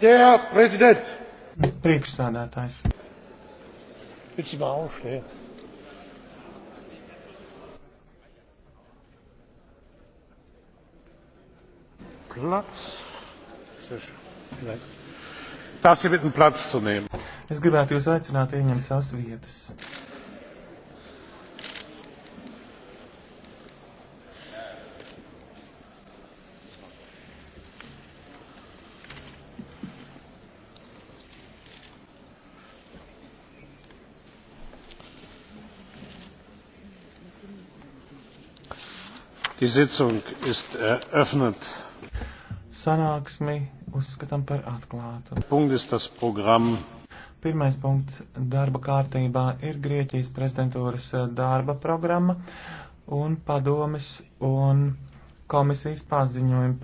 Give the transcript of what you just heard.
Der Präsident! Priekšsādātājs. Willst du mal aufstehen? Platz. Darf Sie bitten, Platz zu nehmen? Es gribētu jūs aicināt ieņemt savas vietas. Die Sitzung ist eröffnet. Sanāksmi uzskatām par atklātu. Punkt ist das Programm. Pirmais punkts darba kārtībā ir Grieķijas prezidentūras eh, darba programma un padomis un komisijas paziņojumi.